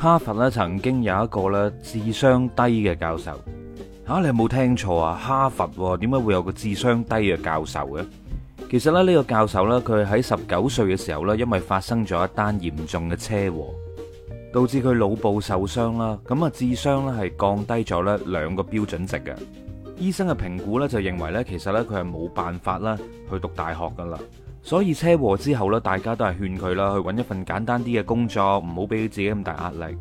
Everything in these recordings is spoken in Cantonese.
哈佛咧曾經有一個咧智商低嘅教授，吓、啊、你有冇聽錯啊？哈佛點解會有個智商低嘅教授嘅？其實咧呢個教授咧佢喺十九歲嘅時候咧，因為發生咗一單嚴重嘅車禍，導致佢腦部受傷啦，咁啊智商咧係降低咗咧兩個標準值嘅。醫生嘅評估咧就認為咧，其實咧佢係冇辦法啦去讀大學噶啦。所以車禍之後咧，大家都係勸佢啦，去揾一份簡單啲嘅工作，唔好俾佢自己咁大壓力。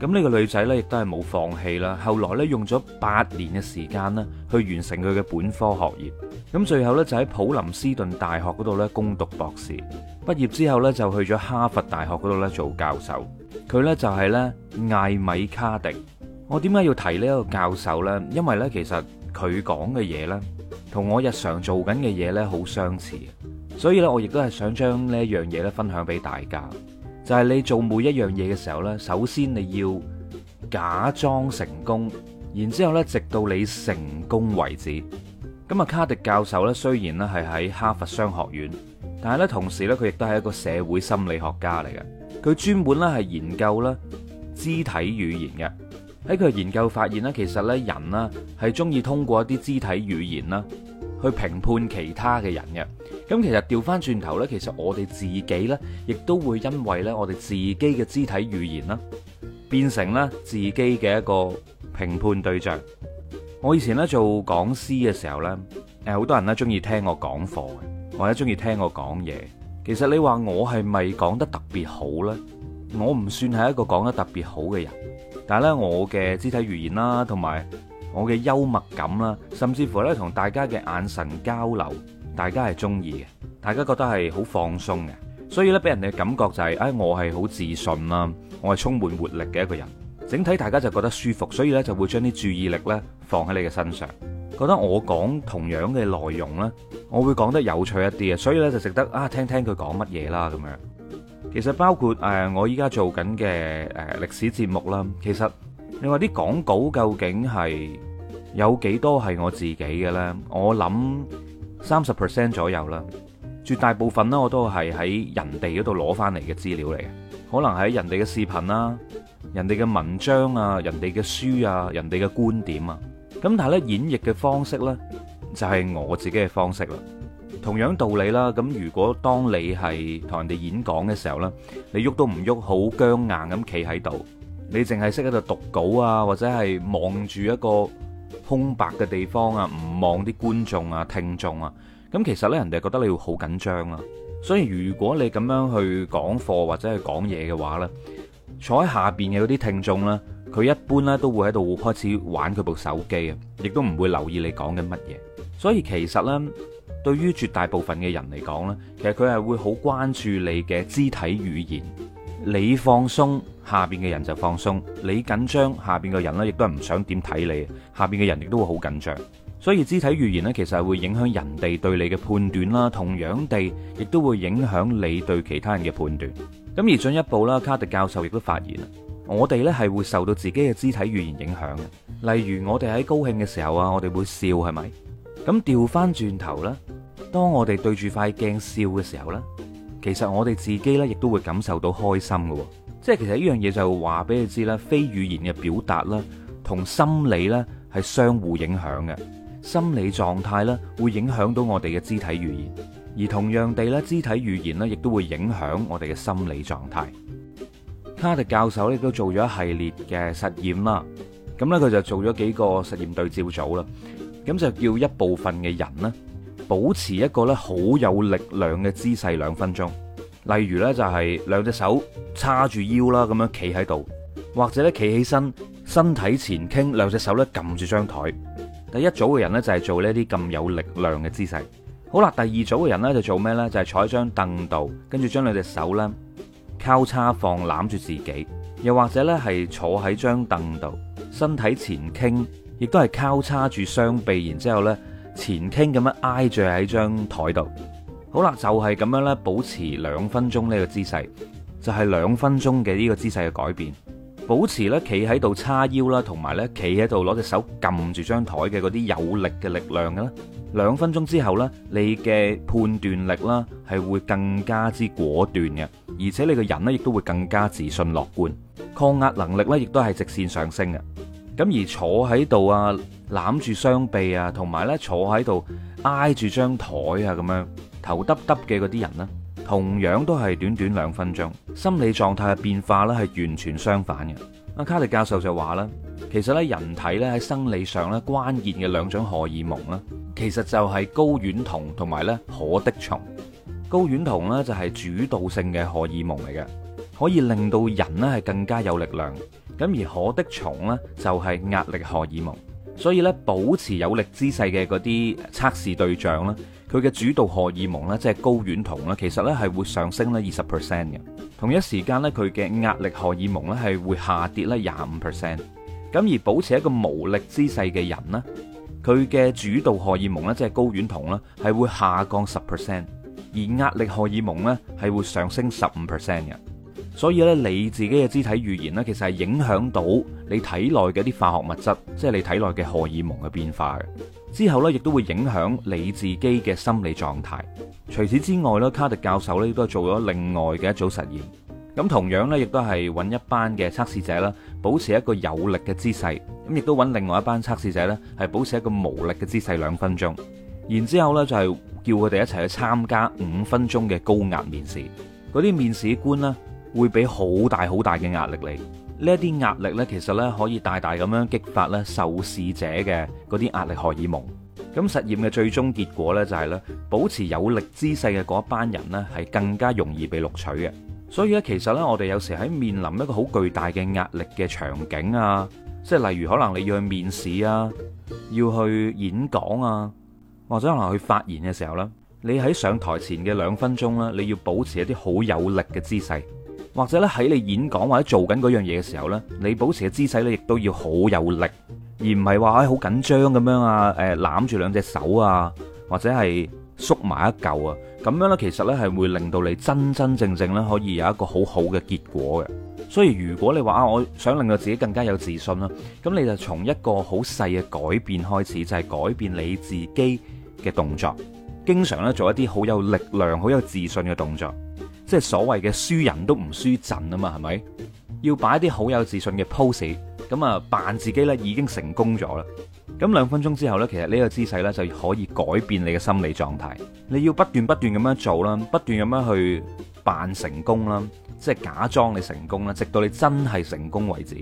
咁呢個女仔咧，亦都係冇放棄啦。後來咧，用咗八年嘅時間咧，去完成佢嘅本科學業。咁最後咧，就喺普林斯頓大學嗰度咧攻讀博士。畢業之後咧，就去咗哈佛大學嗰度咧做教授。佢呢就係呢艾米卡迪。我點解要提呢個教授呢？因為呢，其實佢講嘅嘢呢，同我日常做緊嘅嘢呢，好相似。所以咧，我亦都係想將呢一樣嘢咧分享俾大家，就係你做每一樣嘢嘅時候咧，首先你要假裝成功，然之後咧，直到你成功為止。咁啊，卡迪教授咧，雖然咧係喺哈佛商學院，但係咧同時咧，佢亦都係一個社會心理學家嚟嘅，佢專門咧係研究咧肢體語言嘅。喺佢研究發現咧，其實咧人啦係中意通過一啲肢體語言啦。去評判其他嘅人嘅，咁其實調翻轉頭呢，其實我哋自己呢，亦都會因為呢，我哋自己嘅肢體語言啦，變成呢自己嘅一個評判對象。我以前呢做講師嘅時候呢，誒好多人呢中意聽我講課，或者中意聽我講嘢。其實你話我係咪講得特別好呢？我唔算係一個講得特別好嘅人，但係咧我嘅肢體語言啦，同埋。我嘅幽默感啦，甚至乎呢同大家嘅眼神交流，大家係中意嘅，大家覺得係好放鬆嘅，所以呢俾人哋嘅感覺就係、是，誒、哎、我係好自信啦，我係充滿活力嘅一個人，整體大家就覺得舒服，所以呢就會將啲注意力呢放喺你嘅身上，覺得我講同樣嘅內容啦，我會講得有趣一啲啊，所以呢就值得啊聽聽佢講乜嘢啦咁樣。其實包括誒、呃、我依家做緊嘅誒歷史節目啦，其實。另外啲講稿究竟係有幾多係我自己嘅呢？我諗三十 percent 左右啦，絕大部分呢我都係喺人哋嗰度攞翻嚟嘅資料嚟嘅，可能喺人哋嘅視頻啦、人哋嘅文章啊、人哋嘅書啊、人哋嘅觀點啊，咁但係咧演繹嘅方式呢，就係我自己嘅方式啦。同樣道理啦，咁如果當你係同人哋演講嘅時候呢，你喐都唔喐，好僵硬咁企喺度。你淨係識喺度讀稿啊，或者係望住一個空白嘅地方啊，唔望啲觀眾啊、聽眾啊。咁其實呢，人哋覺得你會好緊張啊。所以如果你咁樣去講課或者係講嘢嘅話呢，坐喺下邊嘅嗰啲聽眾呢，佢一般呢都會喺度開始玩佢部手機啊，亦都唔會留意你講緊乜嘢。所以其實呢，對於絕大部分嘅人嚟講呢，其實佢係會好關注你嘅肢體語言。你放鬆，下邊嘅人就放鬆；你緊張，下邊嘅人咧，亦都係唔想點睇你，下邊嘅人亦都會好緊張。所以肢體語言咧，其實係會影響人哋對你嘅判斷啦。同樣地，亦都會影響你對其他人嘅判斷。咁而進一步啦，卡迪教授亦都發現啦，我哋呢係會受到自己嘅肢體語言影響嘅。例如我哋喺高興嘅時候啊，我哋會笑，係咪？咁調翻轉頭啦，當我哋對住塊鏡笑嘅時候呢。其實我哋自己咧，亦都會感受到開心嘅，即係其實呢樣嘢就話俾你知啦，非語言嘅表達啦，同心理咧係相互影響嘅，心理狀態咧會影響到我哋嘅肢體語言，而同樣地咧，肢體語言咧亦都會影響我哋嘅心理狀態。卡特教授咧都做咗一系列嘅實驗啦，咁咧佢就做咗幾個實驗對照組啦，咁就叫一部分嘅人咧。保持一個咧好有力量嘅姿勢兩分鐘，例如咧就係兩隻手叉住腰啦，咁樣企喺度，或者咧企起身，身體前傾，兩隻手咧撳住張台。第一組嘅人呢，就係做呢啲咁有力量嘅姿勢。好啦，第二組嘅人呢，就做咩呢？就係坐喺張凳度，跟住將兩隻手咧交叉放攬住自己，又或者呢係坐喺張凳度，身體前傾，亦都係交叉住雙臂，然之後咧，前傾咁樣挨住喺張台度，好啦，就係、是、咁樣咧，保持兩分鐘呢個姿勢，就係、是、兩分鐘嘅呢個姿勢嘅改變，保持呢企喺度叉腰啦，同埋呢企喺度攞隻手撳住張台嘅嗰啲有力嘅力量嘅咧，兩分鐘之後呢，你嘅判斷力啦係會更加之果斷嘅，而且你個人呢亦都會更加自信樂觀，抗壓能力呢亦都係直線上升嘅。咁而坐喺度啊，攬住雙臂啊，同埋咧坐喺度挨住張枱啊，咁樣頭耷耷嘅嗰啲人呢，同樣都係短短兩分鐘心理狀態嘅變化呢，係完全相反嘅。阿卡利教授就話啦，其實呢，人體咧喺生理上咧關鍵嘅兩種荷爾蒙呢，其實就係睾丸酮同埋咧可的松。睾丸酮呢，就係主導性嘅荷爾蒙嚟嘅，可以令到人呢，係更加有力量。咁而可的松呢，就係壓力荷爾蒙。所以咧，保持有力姿勢嘅嗰啲測試對象咧，佢嘅主導荷爾蒙咧，即係睾丸酮咧，其實咧係會上升咧二十 percent 嘅。同一時間咧，佢嘅壓力荷爾蒙咧係會下跌咧廿五 percent。咁而保持一個無力姿勢嘅人呢，佢嘅主導荷爾蒙咧，即係睾丸酮咧，係會下降十 percent，而壓力荷爾蒙咧係會上升十五 percent 嘅。所以咧，你自己嘅肢體語言咧，其實係影響到。你體內嘅啲化學物質，即係你體內嘅荷爾蒙嘅變化，之後呢亦都會影響你自己嘅心理狀態。除此之外咧，卡迪教授呢都做咗另外嘅一組實驗。咁同樣呢，亦都係揾一班嘅測試者啦，保持一個有力嘅姿勢，咁亦都揾另外一班測試者呢，係保持一個無力嘅姿勢兩分鐘，然之後咧就係叫佢哋一齊去參加五分鐘嘅高壓面試。嗰啲面試官呢，會俾好大好大嘅壓力你。呢一啲壓力呢，其實呢可以大大咁樣激發咧受試者嘅嗰啲壓力荷爾蒙。咁實驗嘅最終結果呢，就係呢保持有力姿勢嘅嗰一班人呢，係更加容易被錄取嘅。所以咧，其實呢，我哋有時喺面臨一個好巨大嘅壓力嘅場景啊，即係例如可能你要去面試啊，要去演講啊，或者可能去發言嘅時候呢，你喺上台前嘅兩分鐘呢，你要保持一啲好有力嘅姿勢。或者咧喺你演講或者做緊嗰樣嘢嘅時候呢，你保持嘅姿勢咧，亦都要好有力，而唔係話好緊張咁樣啊，誒攬住兩隻手啊，或者係縮埋一嚿啊，咁樣呢，其實呢係會令到你真真正正呢可以有一個好好嘅結果嘅。所以如果你話啊，我想令到自己更加有自信啦，咁你就從一個好細嘅改變開始，就係改變你自己嘅動作，經常呢，做一啲好有力量、好有自信嘅動作。即係所謂嘅輸人都唔輸陣啊嘛，係咪？要擺啲好有自信嘅 pose，咁啊扮自己呢已經成功咗啦。咁兩分鐘之後呢，其實呢個姿勢呢就可以改變你嘅心理狀態。你要不斷不斷咁樣做啦，不斷咁樣去扮成功啦，即係假裝你成功啦，直到你真係成功為止。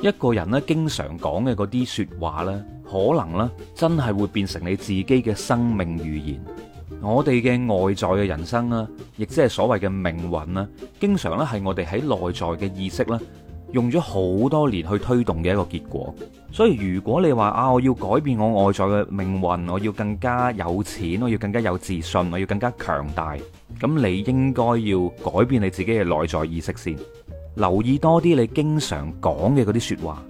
一個人呢，經常講嘅嗰啲說話呢，可能呢，真係會變成你自己嘅生命語言。我哋嘅外在嘅人生啦，亦即係所謂嘅命運啦，經常咧係我哋喺內在嘅意識啦，用咗好多年去推動嘅一個結果。所以如果你話啊，我要改變我外在嘅命運，我要更加有錢，我要更加有自信，我要更加強大，咁你應該要改變你自己嘅內在意識先。留意多啲你經常講嘅嗰啲說話，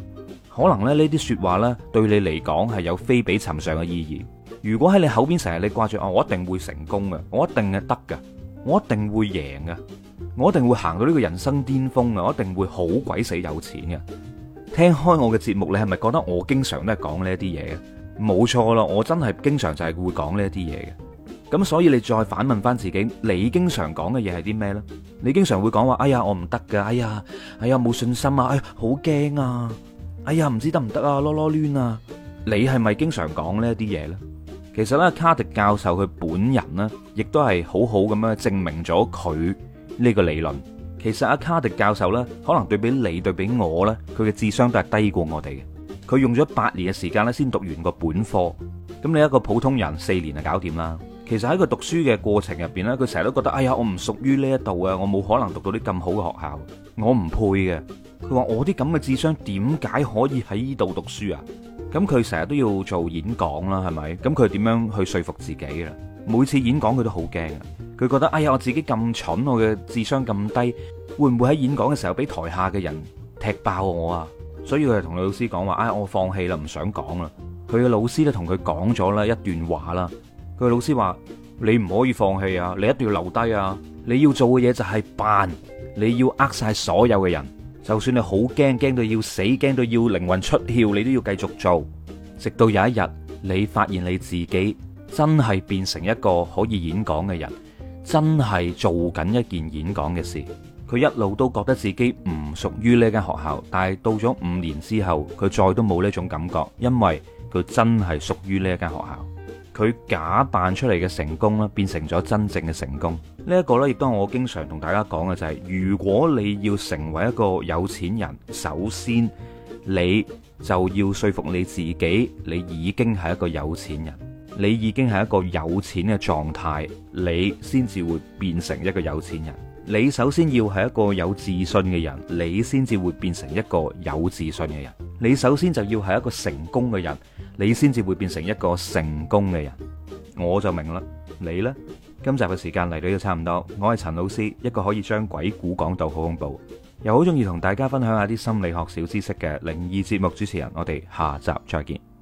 可能咧呢啲說話咧對你嚟講係有非比尋常嘅意義。如果喺你口邊成日你掛住我，我一定會成功嘅，我一定係得嘅，我一定會贏嘅，我一定會行到呢個人生巔峰啊！我一定會好鬼死有錢嘅。聽開我嘅節目，你係咪覺得我經常都係講呢啲嘢？冇錯啦，我真係經常就係會講呢啲嘢嘅。咁所以你再反問翻自己，你經常講嘅嘢係啲咩呢？你經常會講話哎呀我唔得噶，哎呀，哎呀，冇信心啊，哎呀好驚啊，哎呀唔知得唔得啊，囉囉攣啊，你係咪經常講呢啲嘢呢？其實咧，卡迪教授佢本人咧，亦都係好好咁樣證明咗佢呢個理論。其實阿卡迪教授呢，可能對比你對比我呢，佢嘅智商都係低過我哋嘅。佢用咗八年嘅時間咧，先讀完個本科。咁你一個普通人四年就搞掂啦。其實喺佢讀書嘅過程入邊呢，佢成日都覺得，哎呀，我唔屬於呢一度啊，我冇可能讀到啲咁好嘅學校，我唔配嘅。佢話我啲咁嘅智商點解可以喺呢度讀書啊？咁佢成日都要做演講啦，係咪？咁佢點樣去說服自己嘅？每次演講佢都好驚啊！佢覺得哎呀，我自己咁蠢，我嘅智商咁低，會唔會喺演講嘅時候俾台下嘅人踢爆我啊？所以佢就同老師講話：哎，我放棄啦，唔想講啦。佢嘅老師咧同佢講咗啦一段話啦。佢老師話：你唔可以放棄啊，你一定要留低啊！你要做嘅嘢就係扮，你要呃晒所有嘅人。就算你好驚，驚到要死，驚到要靈魂出竅，你都要繼續做，直到有一日你發現你自己真係變成一個可以演講嘅人，真係做緊一件演講嘅事。佢一路都覺得自己唔屬於呢間學校，但係到咗五年之後，佢再都冇呢種感覺，因為佢真係屬於呢一間學校。佢假扮出嚟嘅成功咧，變成咗真正嘅成功。呢、這、一個呢，亦都係我經常同大家講嘅，就係、是，如果你要成為一個有錢人，首先你就要說服你自己，你已經係一個有錢人，你已經係一個有錢嘅狀態，你先至會變成一個有錢人。你首先要係一個有自信嘅人，你先至會變成一個有自信嘅人。你首先就要係一個成功嘅人，你先至會變成一個成功嘅人。我就明啦，你呢？今集嘅時間嚟到呢度差唔多，我係陳老師，一個可以將鬼故講到好恐怖，又好中意同大家分享下啲心理學小知識嘅靈異節目主持人，我哋下集再見。